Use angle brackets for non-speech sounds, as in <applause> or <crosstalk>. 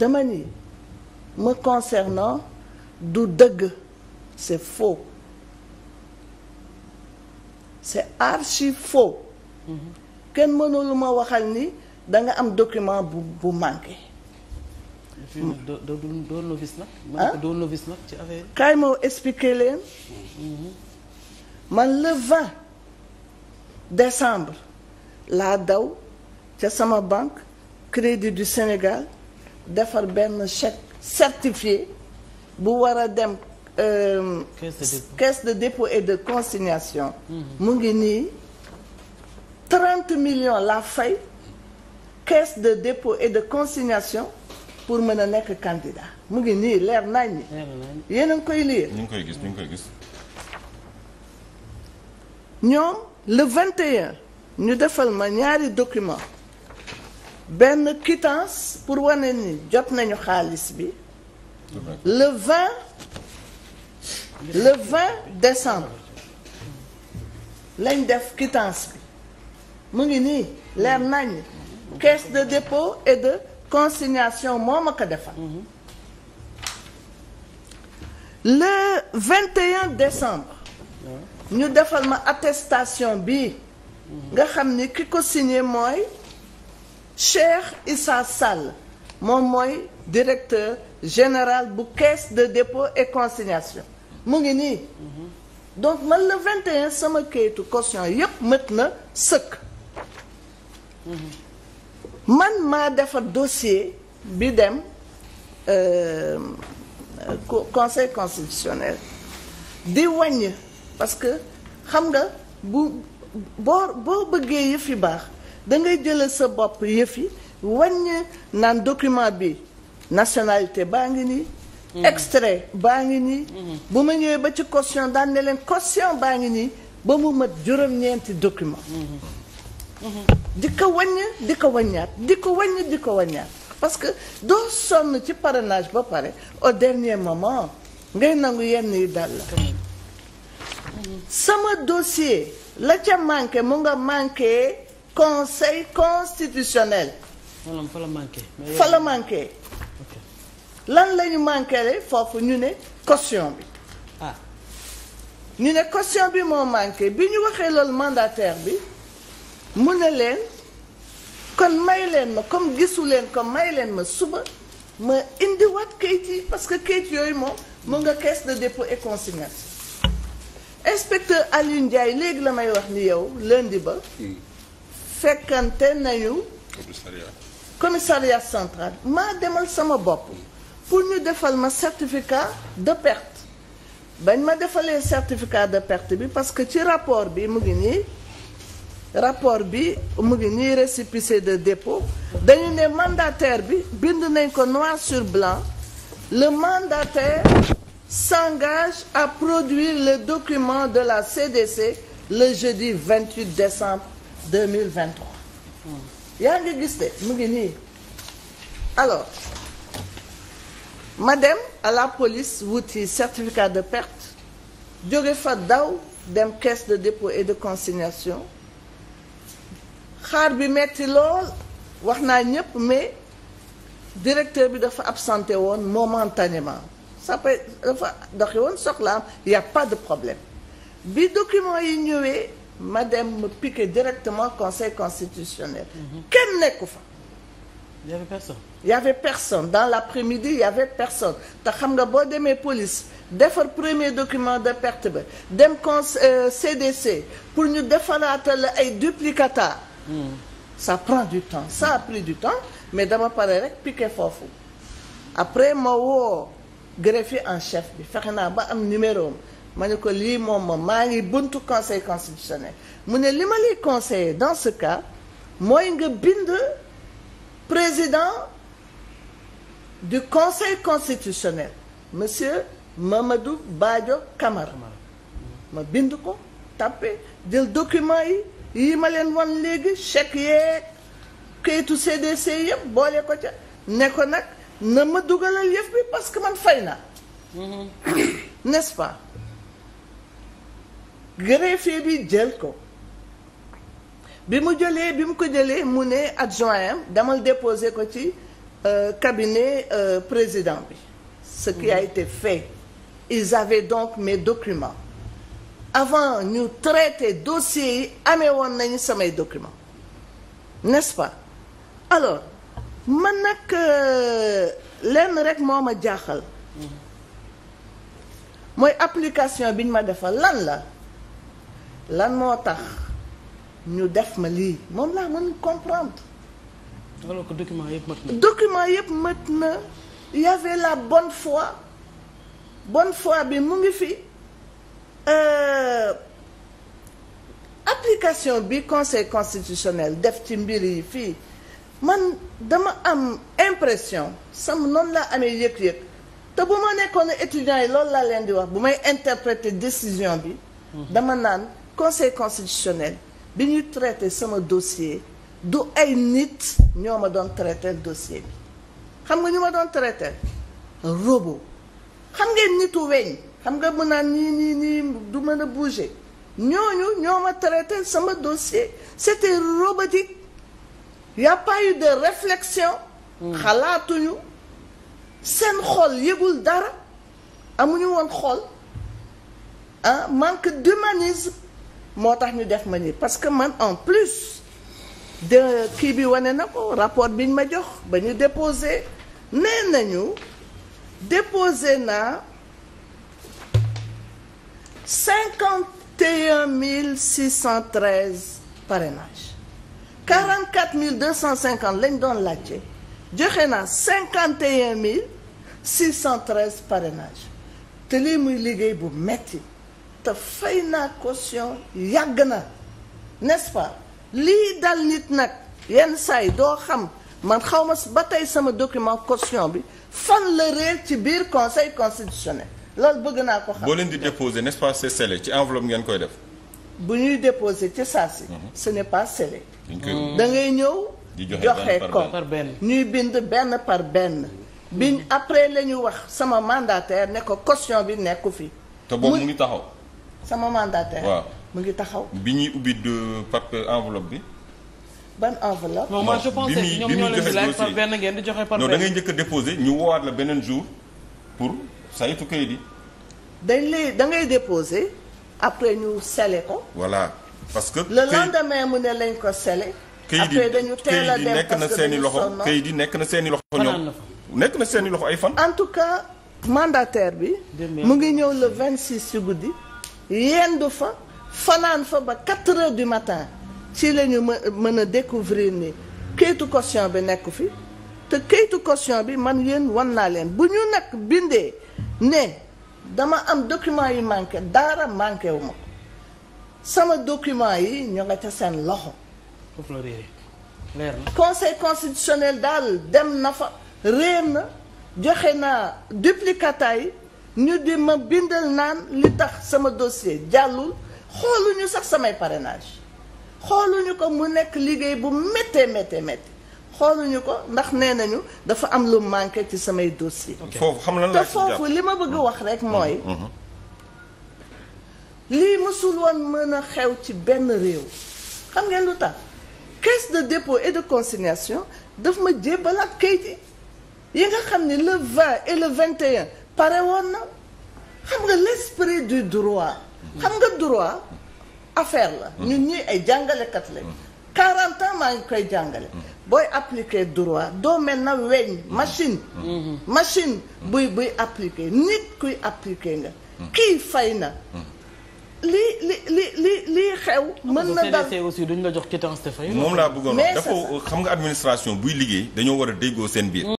dama ni me concernant du dëgg c'est faux c'est archi faux mm-hmm. kenn mënul ma waxal ni danga am document bu bu manqué. doo doo ah? ci affaire yi. kaay moo leen. Mm-hmm. man le 20 décembre laa daw ca sama banque Crédit du Sénégal. defar benn chèque certifié bu war a dem euh, caisse de dépôt et de consignation mu ngi nii trente millions la fay caisse de dépôt et de consignation pour mën a nekk candidat mu ngi nii leer nañ ñi yéen a ngi koy lire ñu ngi koy gis ñu ngi koy gis ñoom le 21 ñu defal ma ñaari document benn quittance pour wane ni jot nañu xaalis bi le 20 le décembre lañ def quittance bi mu ngi nii leer nañ caisse de dépôt et de consignation moo ma ko defal le 21 décembre ñu defal ma attestation bi nga xam ni ki ko signé mooy Cheikh Issa Sall moom mooy directeur général bu caisse de dépôt et consignation mu ngi nii donc man le 21 sama kayitu caution yépp mat na sëkk man maa defar dossier bi dem euh, conseil constitutionnel di wàññ parce que xam nga bu boo boo bëggee yëf fi baax da ngay jëlal sa bopp yëf yi wàññi naan document bi nationalité baa ngi nii. Mm-hmm. extrait baa ngi nii. Mm-hmm. bu ma ñëwee ba ci caution daan ne leen caution baa ngi nii ba mu mat juróom-ñeenti document. Mm-hmm. di ko wàññi di ko wàññaat di ko waññ di ko wàññaat parce que doo sonn ci parrainage ba pare au dernier moment ngay nangu yenn yi dal la. sama dossier la ca manqué mu nga manqué. conseil constitutionnel. fa la manqué. fa la manqué. lan lañu ñu manqué foofu ñu ne costion bi. Ah. ñu ne caution bi moo manqué bi ñu waxee loolu mandataire bi mu ne leen kon may leen ma comme gisuleen leen may leen ma suba ma indiwaat kayit yi parce que kayit yooyu moom mu nga kees de dépôt et consignation inspecteur Alioune Ndiaye léegi la may wax ni yow leen di ba. Hmm. fekkante nañu. commissariat commissariat central maa demal sama bopp pour ñu defal ma certificat de perte bañ ma defalee certificat de perte bi parce que ci rapport bi mu ngi nii rapport bi mu ngi nii récépissé de dépôt dañu ne mandataire bi bind nañ ko noir sur blanc le mandataire s'engage à produire le document de la CDC le jeudi 28 décembre 2023 yaa ngi gis de mu ngi nii alors ma dem à la police wuti certificat de perte jóge fa daw dem caisse de dépôt et de consignation xaar bi metti lool wax naa ñépp mais directeur bi dafa absenté woon momentanément ça peut dafa doxi woon soxlaam y a pas de problème bi document yi ñëwee ma dem ma piqué directement conseil constitutionnel. kenn nekku fa. y avait personne. y dans l'après-midi y avait personne te xam nga boo demee police defar premier document de perte ba dem con euh, CDC pour ñu defaraatal ay duplicata. Hmm. ça prend du temps ça a du temps mais dama pare rek piqué foofu après ma woo greffier en chef bi fexe naa ba am numéro ma ne ko lii moom maa ngi buntu conseil constitutionnel mu ne li ma lay conseiller dans ce cas mooy nga bind président du conseil constitutionnel monsieur Mamadou Badio Camara ma bind ko tàppe jël document yi yi ma leen wan léegi chèque yeeg kayitu CDC yëpp boole ko ca ne ko nag na ma dugalal yëf bi parce que man fay naa mhm. <coughs> n'est-ce pas greffier bi jël ko bi mu jëlee bi mu ko jëlee mu ne adjoint damal déposer ko ci euh, cabinet euh, président bi ce qui a mhm. été fait ils avaient donc mes documents avant ñu traiter dossier yi amee woon nañu samay document nest pas alors man nag euh, lenn rek moo ma jaaxal mhm. mooy application bi ñu ma defa lan la lan moo tax ñu def ma lii moom laa mën comprendre. alors que document yëpp mat na. document yëpp mat na y la bon foi bon foi bi mu ngi fi euh, application bi conseil constitutionnel def ci mbir yi fii man dama am impression sama noonu laa amee yëg-yëg te bu ma nekkoon étudiants yi loolu laa leen di wax bu may interpréter décision bi. Hmm. dama naan. conseil constitutionnel bi ñuy traité sama dossier du ay nit ñoo ma doon traité dossier bi xam nga ñu ma doon traité robot xam ngeen nitu weñ xam nga mën naan nii nii nii du mën a bouger ñooñu ñoo ma traité sama dossier c'était robotique y a pas eu de réflexion hmm. xalaatuñu seen xol yëgul dara amuñu woon xol ah manque d'humanisme moo tax ñu def ma nii parce que man en plus de kii bi wane na ko rapport bi ñu ma jox ba ñu déposé nee nañu déposé naa cinquante mille six cent treize parrainage quarante quatre mille cent cinquante lañ doon laajte joxe naa cinquante mille six cent treize parrainage te lii muy liggéey bu metti te naa caution yàgg na n'est-ce pas lii dal nit nag yenn saa yi doo xam man xaw ma ba tey sama document caution bi fan la réer ci biir conseil constitutionnel loolu bëgg naa ko xam. boo leen di déposer n'est-ce pas c'est scellé ci enveloppe ngeen koy def. bu ñuy déposer ci saa si. Mhm. ce n'est pas scellé. Mhm. da ngay ñëw. di joxe ko ñuy bind benn par benn. bi mhm. après la ñu wax sama mandataire ne ko caution bi nekku fi. te boobu mu ngi taxaw. sama mandataire. waaw mu ngi taxaw. bi ñuy ubbi de papier euh, enveloppe bi. ban enveloppe. non moi je pensais ñoom ñoo leen laaj par benn ngeen di joxe par benn. non da déposé ñu woowaat la beneen jour pour saytu kayit yi. dañ lay da ngay déposé après ñu sele ko. voilà parce que. le lendemain mu ne lañ ko sele. après dañu teel a dem nekk na seen i loxo kayit yi nekk na seen i loxo ñoom. nekk na seen i loxo ay fan. en tout cas mandataire bi. mu ngi ñëw le 26 ci guddi. yendu fa fanaan fa ba 4 heures du matin ci la ñu mën a découvrir ni kayitu caution bi nekku fi te kayitu caution bi man yéen wan naa leen bu ñu nag bindee ne dama am document yu manqué daara manqué wu ma sama document yi ñu nga ca seen loxo conseil constitutionnel daal dem na fa réer na joxe naa duplicata yi ñu di ma bindal naan li tax sama dossier jàllul xooluñu sax samay parrainage xooluñu ko mu nekk liggéey bu méttee méttee méttee xooluñu ko ndax nee nañu dafa am lu manqué ci samay dossier xam lan la te foofu li ma bëgg wax rekk mm-hmm. mooy mm-hmm. li mësul woon mën a xew ci benn réew xam ngeen lu tax caisse de dépôt et de consignation daf ma jébbalaat ak yi yi nga xam ni le 20 et le 21 pare woon na xam nga l'esprit du droit xam nga droit affaire la ñun ñii ay jàngalekat lañ quarante ans maa ngi koy jàngale booy appliquer droit doo mel na weñ machine machine buy buy appliquer nit kuy appliquer nga kii fay na lii li li li lii xew mën na dal aussi duñ la jox quittance te fay moom laa bëggoon wax dafa xam nga administration buy liggéey dañoo war a déggoo seen biir